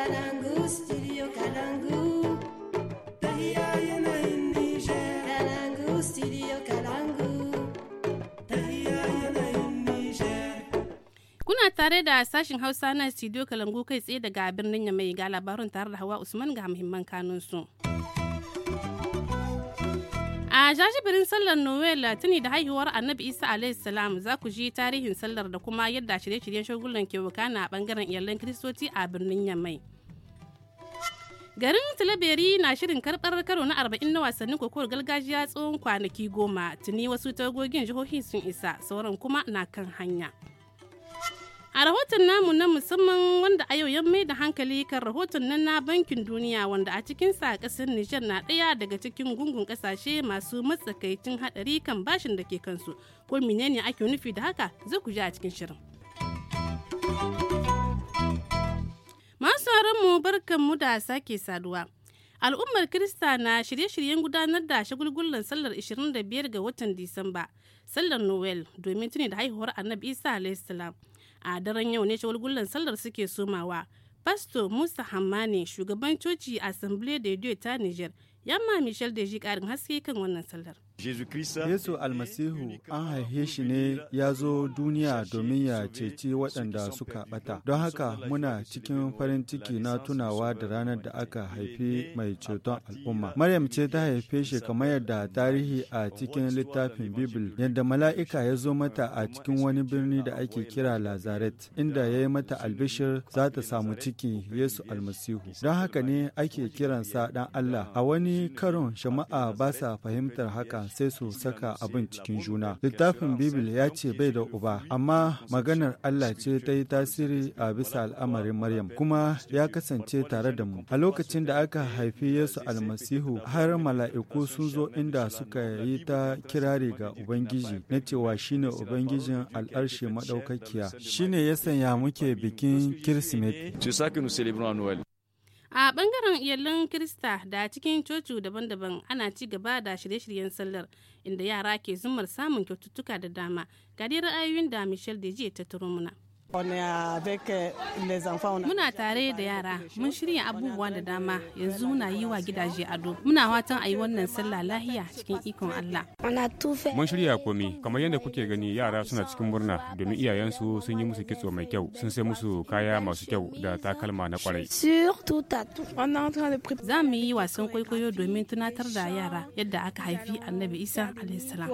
Kalangu, Kuna tare da sashin Hausa na studio Kalangu kai tsaye daga birnin Yamai ga labarin tare da Hawa Usman ga muhimman kanunsu. su. A jajibirin sallar Noel Latini da haihuwar Annabi Isa alaihi salam za ku ji tarihin sallar da kuma yadda shirye-shiryen shagulan ke wakana a bangaren iyalan Kiristoci a birnin Yamai. Garin Tilaberi na shirin karɓar karo na arba'in na wasannin kokowar gargajiya tsohon kwanaki goma tuni wasu tagogin jihohi sun isa sauran kuma na kan hanya. A rahoton namu na musamman wanda a yau ya mai da hankali kan rahoton nan na bankin duniya wanda a cikinsa kasar Nijar na ɗaya daga cikin gungun ƙasashe masu matsakaicin haɗari kan bashin da ke kansu. Ko menene ake nufi da haka zai ku ji a cikin shirin. Masu mu barkan mu da sake saduwa. al'ummar kirista na shirye-shiryen gudanar da shagulgullan sallar 25 ga watan disamba sallar noel domin tuni da haihuwar annabi isa salam. a daren yau ne shagulgullan sallar suke sumawa pasto musa hammane shugaban coci assembly da ta niger yamma michel da ji karin haske kan wannan sallar Yesu almasihu an haife shi ne ya zo duniya domin ya ceci waɗanda suka ɓata. Don haka muna cikin farin ciki na tunawa da ranar da aka haifi mai ceton al'umma. Maryam ce ta haife shi kamar yadda tarihi a cikin littafin Bibil yadda mala'ika ya zo mata a cikin wani birni da ake kira Lazaret inda ya yi mata albishir za ta samu ciki Yesu almasihu. Don haka ne ake kiransa ɗan Allah. A wani karon shama'a ba sa fahimtar haka sai su saka abin cikin juna littafin bibil ya ce bai da uba amma maganar allah ce ta yi tasiri a bisa al'amarin maryam kuma ya kasance tare da mu a lokacin da aka haifi yesu almasihu har mala'iku sun zo inda suka yi ta kirari ga ubangiji na cewa shine ubangijin al'arshe shi shine ya sanya muke bikin kirsimeti a bangaren iyalin kirista da cikin coci daban-daban ana ci gaba da shirye-shiryen sallar inda yara ke zumar samun kyaututtuka da dama ga ra'ayoyin da michel deji ta turo muna. Euh, muna tare da yara, mun shirya abubuwa da dama, yanzu muna yi wa gidaje ado. Muna watan a yi wannan sallah lahiya cikin ikon Allah. Mun shirya komi, kamar yadda kuke gani yara suna cikin murna domin iyayensu sun yi musu kitso mai kyau, sun sai musu kaya masu kyau da takalma na kwarai. Za mu yi wasan kwaikwayo domin tunatar da yara yadda aka haifi Annabi Isa alaihissalam.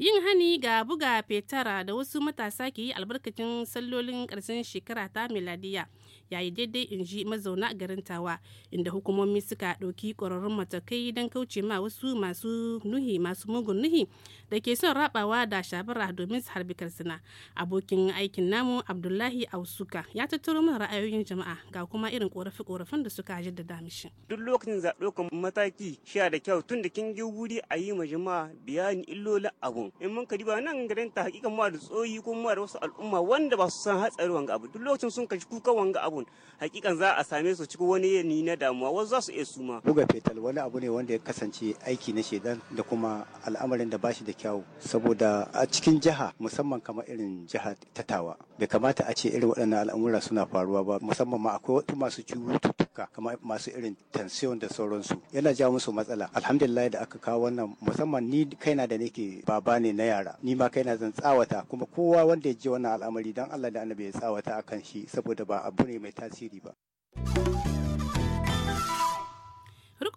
yin hani ga buga fetara da wasu matasa ke yi albarkacin sallolin ƙarshen shekara ta miladiya yayi daidai in ji mazauna garin tawa inda hukumomi suka ɗauki ƙwararrun matakai don kauce ma wasu masu nuhi masu mugun nuhi da ke son rabawa da shabara domin su harbi karsina abokin aikin namu abdullahi ausuka ya tattaro mana ra'ayoyin jama'a ga kuma irin ƙorafe-ƙorafen da suka da mishi duk lokacin zaɓe mataki sha da kyau tun da kin ji wuri a yi ma jama'a bayani illolin abu in mun kadi ba nan garin ta hakika ma da tsoyi ko ma da wasu al'umma wanda ba su san hatsari wanga abu duk lokacin sun kashi kuka wanga abu hakikan za a same su cikin wani yanayi na damuwa wasu za su iya suma buga fetal wani abu ne wanda ya kasance aiki na shedan da kuma al'amarin da bashi da kyawu saboda a cikin jiha musamman kamar irin jiha tatawa bai kamata a ce irin waɗannan al'amura suna faruwa ba musamman ma akwai wasu masu cututtuka haka kamar masu irin tension da sauransu yana jawo musu matsala alhamdulillah da aka kawo wannan musamman ni kaina da nake baba ne na yara ni ma kaina zan tsawata kuma kowa wanda ya ji wannan al'amari dan Allah da annabi ya tsawata akan shi saboda ba abu ne mai tasiri ba.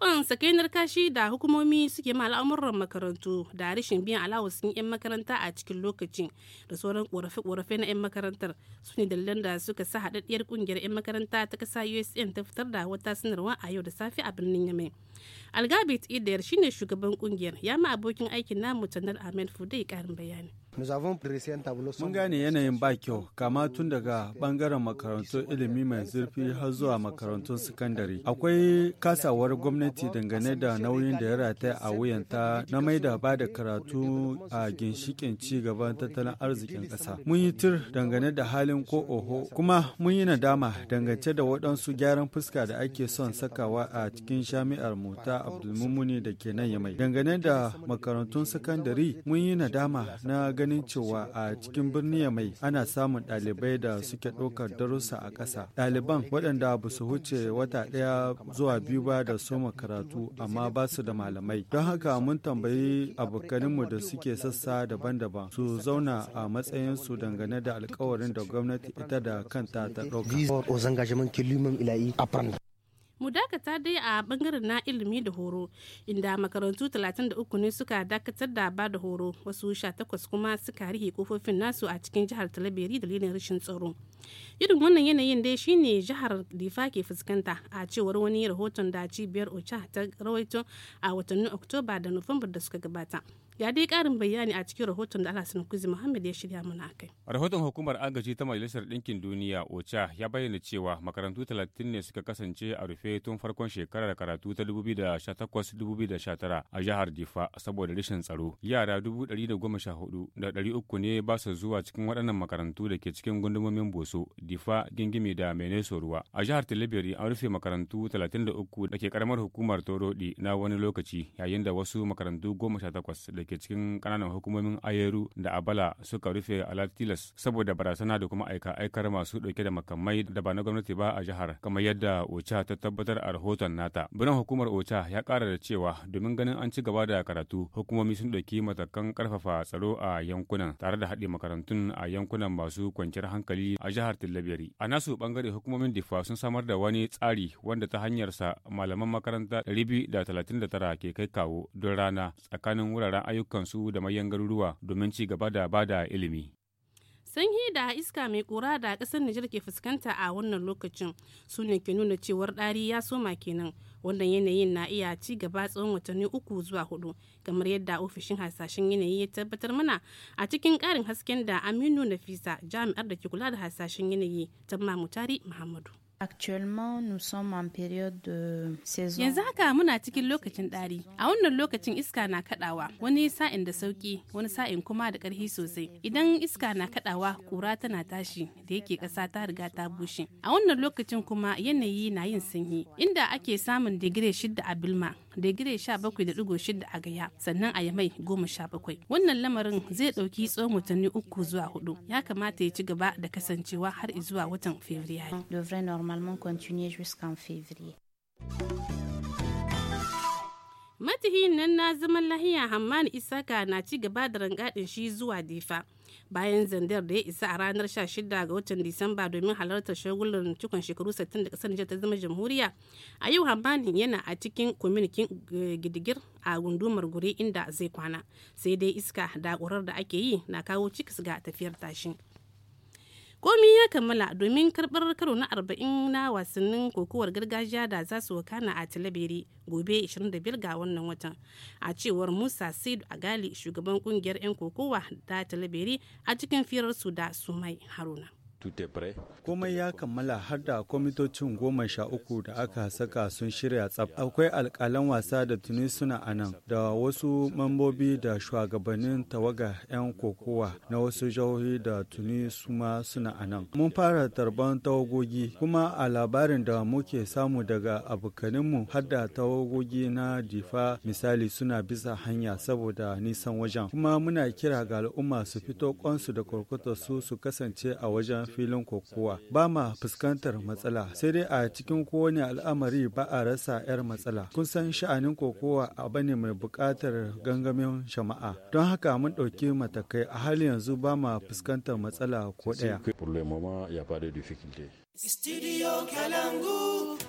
rikon sakainar kashi da hukumomi suke ma al'amuran makarantu da rashin biyan alawus 'yan makaranta a cikin lokacin da sauran korafe-korafe na 'yan makarantar su ne dalilan da suka sa haɗaɗɗiyar ƙungiyar 'yan makaranta ta kasa usn ta fitar da wata sanarwa a yau da safe a birnin yamai algabit idayar shine shugaban ƙungiyar ya ma abokin aikin namu tanar ahmed fudai ƙarin bayani Mun gane yanayin ba kyau, kama tun daga bangaren makarantun ilimi mai zurfi har zuwa makarantun sakandare. Akwai kasawar gwamnati dangane da nauyin da ya rata a wuyanta na mai da ba da karatu a ginshikin ci gaban tattalin arzikin ƙasa. Mun yi tir dangane da halin ko oho, kuma mun yi nadama dangance da waɗansu gyaran fuska da ake son sakawa a cikin shami'ar mota Abdulmumuni da ke nan Yamai. Dangane da makarantun sakandare, mun yi nadama na ganin cewa a cikin birni mai ana samun dalibai da suke ɗaukar darussa a ƙasa. Ɗaliban waɗanda ba su huce wata ɗaya zuwa biyu ba da soma karatu amma ba su da malamai. Don haka mun tambayi abokanmu da suke sassa daban-daban su zauna a matsayin su dangane da alkawarin da gwamnati ita da kanta ta ɗauka. mu dakata dai a bangaren na ilimi da horo inda makarantu 33 ne suka dakatar da ba da horo wasu 18 kuma suka rike kofofin nasu a cikin jihar talabiri dalilin rashin tsaro irin wannan yanayin dai shine jihar difa ke fuskanta a cewar wani rahoton da cibiyar ocha ta rawaito a watannin oktoba da nufambar da suka gabata ya dai karin bayani a cikin rahoton da alhassan kuzi muhammad ya shirya mana akai rahoton hukumar agaji ta majalisar ɗinkin duniya ocha ya bayyana cewa makarantu talatin ne suka kasance a rufe tun farkon shekarar karatu ta 2018-2019 a jihar difa saboda rashin tsaro yara da uku ne ba su zuwa cikin waɗannan makarantu da ke cikin gundumomin boso difa gingimi da meneso ruwa a jihar tilibiri an rufe makarantu talatin da ke karamar hukumar torodi na wani lokaci yayin da wasu makarantu goma da da ke cikin ƙananan hukumomin Ayeru da Abala suka rufe tilas saboda barazana da kuma aika-aikar masu dauke da makamai da ba na gwamnati ba a jihar kamar yadda Ocha ta tabbatar a rahoton nata. birnin hukumar Ocha ya kara da cewa domin ganin an ci gaba da karatu hukumomi sun ɗauki matakan karfafa tsaro a yankunan tare da haɗe makarantun a yankunan masu kwanciyar hankali a jihar Tillaberi. A nasu bangare hukumomin Difa sun samar da wani tsari wanda ta hanyarsa malaman makaranta 239 ke kai kawo don rana tsakanin wuraren ayyukansu da mayan garuruwa domin ci gaba da bada ilimi. sanyi da iska mai kura da ƙasar Nijar ke fuskanta a wannan lokacin su ne ke nuna cewar ɗari ya soma kenan wannan yanayin na iya ci gaba tsawon watanni uku zuwa hudu kamar yadda ofishin hasashen yanayi ya tabbatar mana a cikin ƙarin hasken da Aminu Nafisa jami'ar da ke kula da hasashen yanayi ta Mamutari Muhammadu. Yanzu haka muna cikin lokacin ɗari. A wannan lokacin iska na kaɗawa, wani sa'in da sauƙi, wani sa'in kuma da ƙarfi sosai. Idan iska na kaɗawa, ƙura tana tashi da yake ƙasa ta riga ta bushe. A wannan lokacin kuma yanayi na yin sanyi, inda ake samun digire shida a Bilma digiri 17.6 a gaya sannan a yamai bakwai. wannan lamarin zai ɗauki tsawon watanni uku zuwa hudu ya kamata ya ci gaba da kasancewa har zuwa watan fabrairu matihin nan na zaman lahiya hamman isaka na ci gaba da rangadin shi zuwa difa. bayan zandar da ya isa a ranar 16 ga watan disamba domin halartar shagulan cikon shekaru 60 da kasar nijar ta zama jamhuriya a yau hambanin yana a cikin kwaminikin eh, gidigir a gundumar guri inda zai kwana sai dai iska da da ake yi na kawo cikis ga tafiyar tashin. komi ya kammala domin karbar karo na 40 na wasannin kokowar gargajiya da za su wakana a talabere gobe 25 ga wannan watan a cewar musa said agali shugaban kungiyar 'yan kokowa da talabere a cikin firar su da sumai haruna Komai ya kammala har da kwamitocin goma sha uku da aka saka sun shirya tsaf. Akwai alkalan wasa da tuni suna anan da wasu mambobi da shugabannin tawaga 'yan kokowa na wasu jihohi da tuni suma suna anan. Mun fara tarban tawagogi kuma a labarin da muke samu daga abokaninmu har da tawagogi na difa misali suna bisa hanya saboda nisan wajen. Kuma muna kira ga al'umma su fito kwansu da kwarkwatar su su kasance a wajen filin kokowa ba ma fuskantar matsala sai dai a cikin kowane al'amari ba a rasa 'yar matsala kun san sha'anin kokowa abu ne mai buƙatar gangamin shama'a don haka mun ɗauki matakai a hali yanzu ba ma fuskantar matsala ko ɗaya.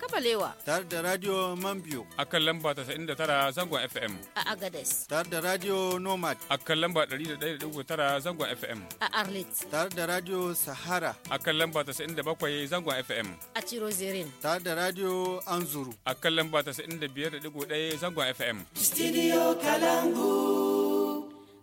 Kabalewa. Tare da Radio Mambio. A kan lamba tara zangon FM. A Agades. Tare da Radio Nomad. A kan lamba tara zangon FM. A Arlit. Tare da Radio Sahara. A kan lamba bakwai zangon FM. A Chirozirin. Tare da Radio Anzuru. A kan lamba biyar 95.1 zangon FM. Studio Kalangu.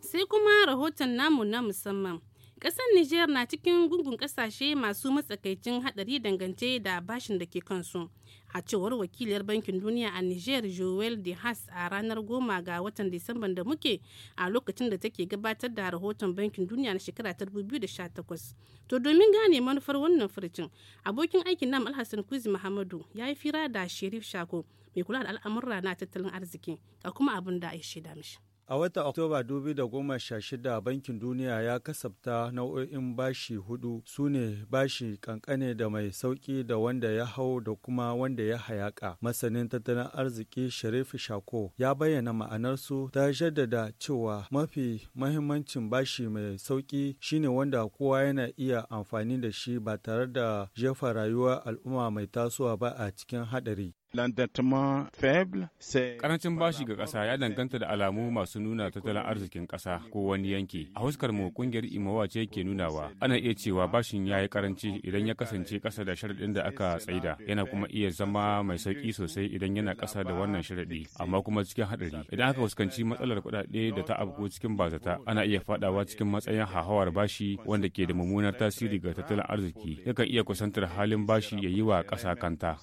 Sai kuma rahoton namu na musamman. Ƙasar Nijar na cikin gungun kasashe masu matsakaicin haɗari dangance da bashin da ke kansu. A cewar wakiliyar Bankin Duniya a Nijar Joel De Haas a ranar goma ga watan Disamban da muke a lokacin da take gabatar da rahoton Bankin Duniya na shekara ta 2018. To domin gane manufar wannan furcin, abokin aikin nam Alhassan Kuzi Muhammadu ya yi fira da Sherif Shako mai kula da al'amurra na tattalin arziki ga kuma abin da ya shaida mishi. A watan Oktoba 2016 Bankin Duniya ya kasafta nau'o'in bashi hudu su ne bashi kankane da mai sauki da wanda ya hau da kuma wanda ya hayaka. Masanin tattalin arziki Sharif Shako ya bayyana ma'anarsu ta jaddada cewa mafi mahimmancin bashi mai sauki shine wanda kowa yana iya amfani da shi ba tare da jefa rayuwar al'umma mai tasowa ba a cikin haɗari. Karancin bashi ga ƙasa ya danganta da alamu masu nuna tattalin arzikin ƙasa ko wani yanki. A huskar mu ƙungiyar Imawa ce ke nunawa. Ana iya cewa bashin ya yi karanci idan ya kasance ƙasa da sharaɗin da aka tsaida. Yana kuma iya zama mai sauƙi sosai idan yana ƙasa da wannan sharaɗi, amma kuma cikin haɗari. Idan aka fuskanci matsalar kuɗaɗe da ta abu cikin bazata, ana iya faɗawa cikin matsayin hahawar bashi wanda ke da mummunar tasiri ga tattalin arziki. Yakan iya kusantar halin bashi ya yi wa ƙasa kanta.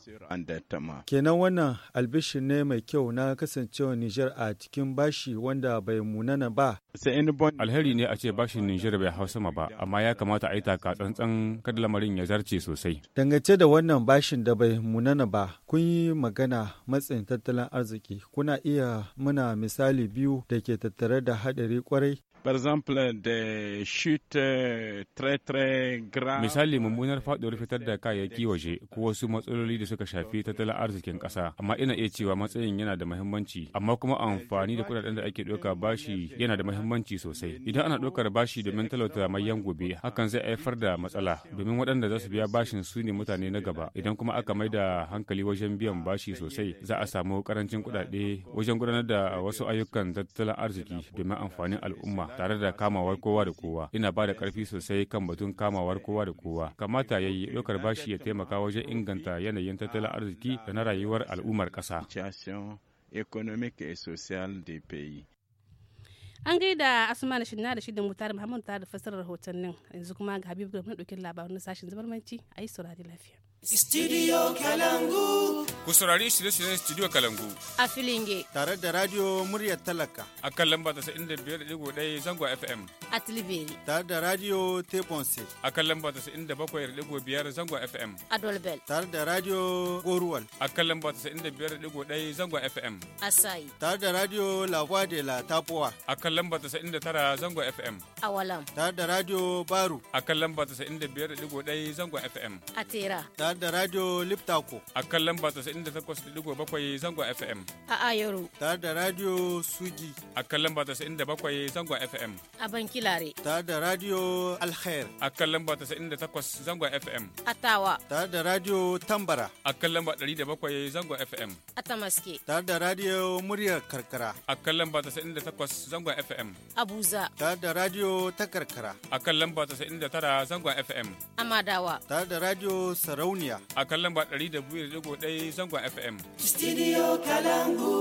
Kenan wannan albishin ne mai kyau na kasancewa Nijar a cikin bashi wanda bai munana ba Alheri ne a ce bashin Nijar bai hau sama ba, amma ya kamata a yi taka tsantsan kada lamarin ya zarce sosai. Dangance da wannan bashin da bai munana ba, kun yi magana matsayin tattalin arziki, kuna iya muna misali biyu da ke tattare da haɗari kwarai par euh, misali mummunar faɗuwar fitar da kayayyaki waje ko wasu matsaloli da suka shafi tattalin arzikin ƙasa amma ina iya cewa matsayin yana da mahimmanci amma kuma amfani da kudaden da ake ɗauka bashi yana da muhimmanci muhimmanci sosai idan ana ɗaukar bashi domin talauta mayan gobe hakan zai haifar da matsala domin waɗanda za su biya bashin su ne mutane na gaba idan kuma aka mai da hankali wajen biyan bashi sosai za a samu karancin kuɗaɗe wajen gudanar da wasu ayyukan tattalin arziki domin amfanin al'umma tare da kamawar kowa da kowa ina ba da ƙarfi sosai kan batun kamawar kowa da kowa kamata ya yi ɗaukar bashi ya taimaka wajen inganta yanayin tattalin arziki da na rayuwar al'ummar ƙasa. économique et sociale des pays. an gaida asma da shinna da mutane mutar muhammadu ta da fassarar rahotannin yanzu kuma ga habibu na ɗaukin labarun sashen zubarmanci a yi saurari lafiya Studio Kalangu. Ku saurari shirye-shiryen Studio Kalangu. A Filinge. Tare da Radio Muryar Talaka. A kan lamba da da biyar 95.1 Zango FM. A Tilibiri. Tare da Radio Teponse. A kan lamba da da bakwai biyar Zango FM. A Dolbel. Tare da Radio Goruwal. A kan lamba da biyar 95.1 Zango FM. A Sai. Tare da Radio La Voix de la Tapoa. A kan lamba da tara Zango FM. A Walam. Tare da Radio Baru. A kan lamba da biyar 95.1 Zango FM. A Tera. tare da Radio Liptako. A kan lamba 98.7 zangon FM. A Ayoro. Tare da Radio Sugi. A kan lamba 97 zangon FM. A Bankilare. Tare da Radio Alkhair. A kan lamba 98 zangon FM. A Tawa. Tare da Radio Tambara. A kan lamba 107 zangon FM. A Tamaske. Tare da Radio Muryar Karkara. A kan lamba 98 zangon FM. A Buza. Tare da Radio ta Karkara. A kan lamba 99 zangon FM. A Madawa. Tare da Radio Sarauni. duniya A kallon ba 100.1 zangon FM. Studio Kalangu.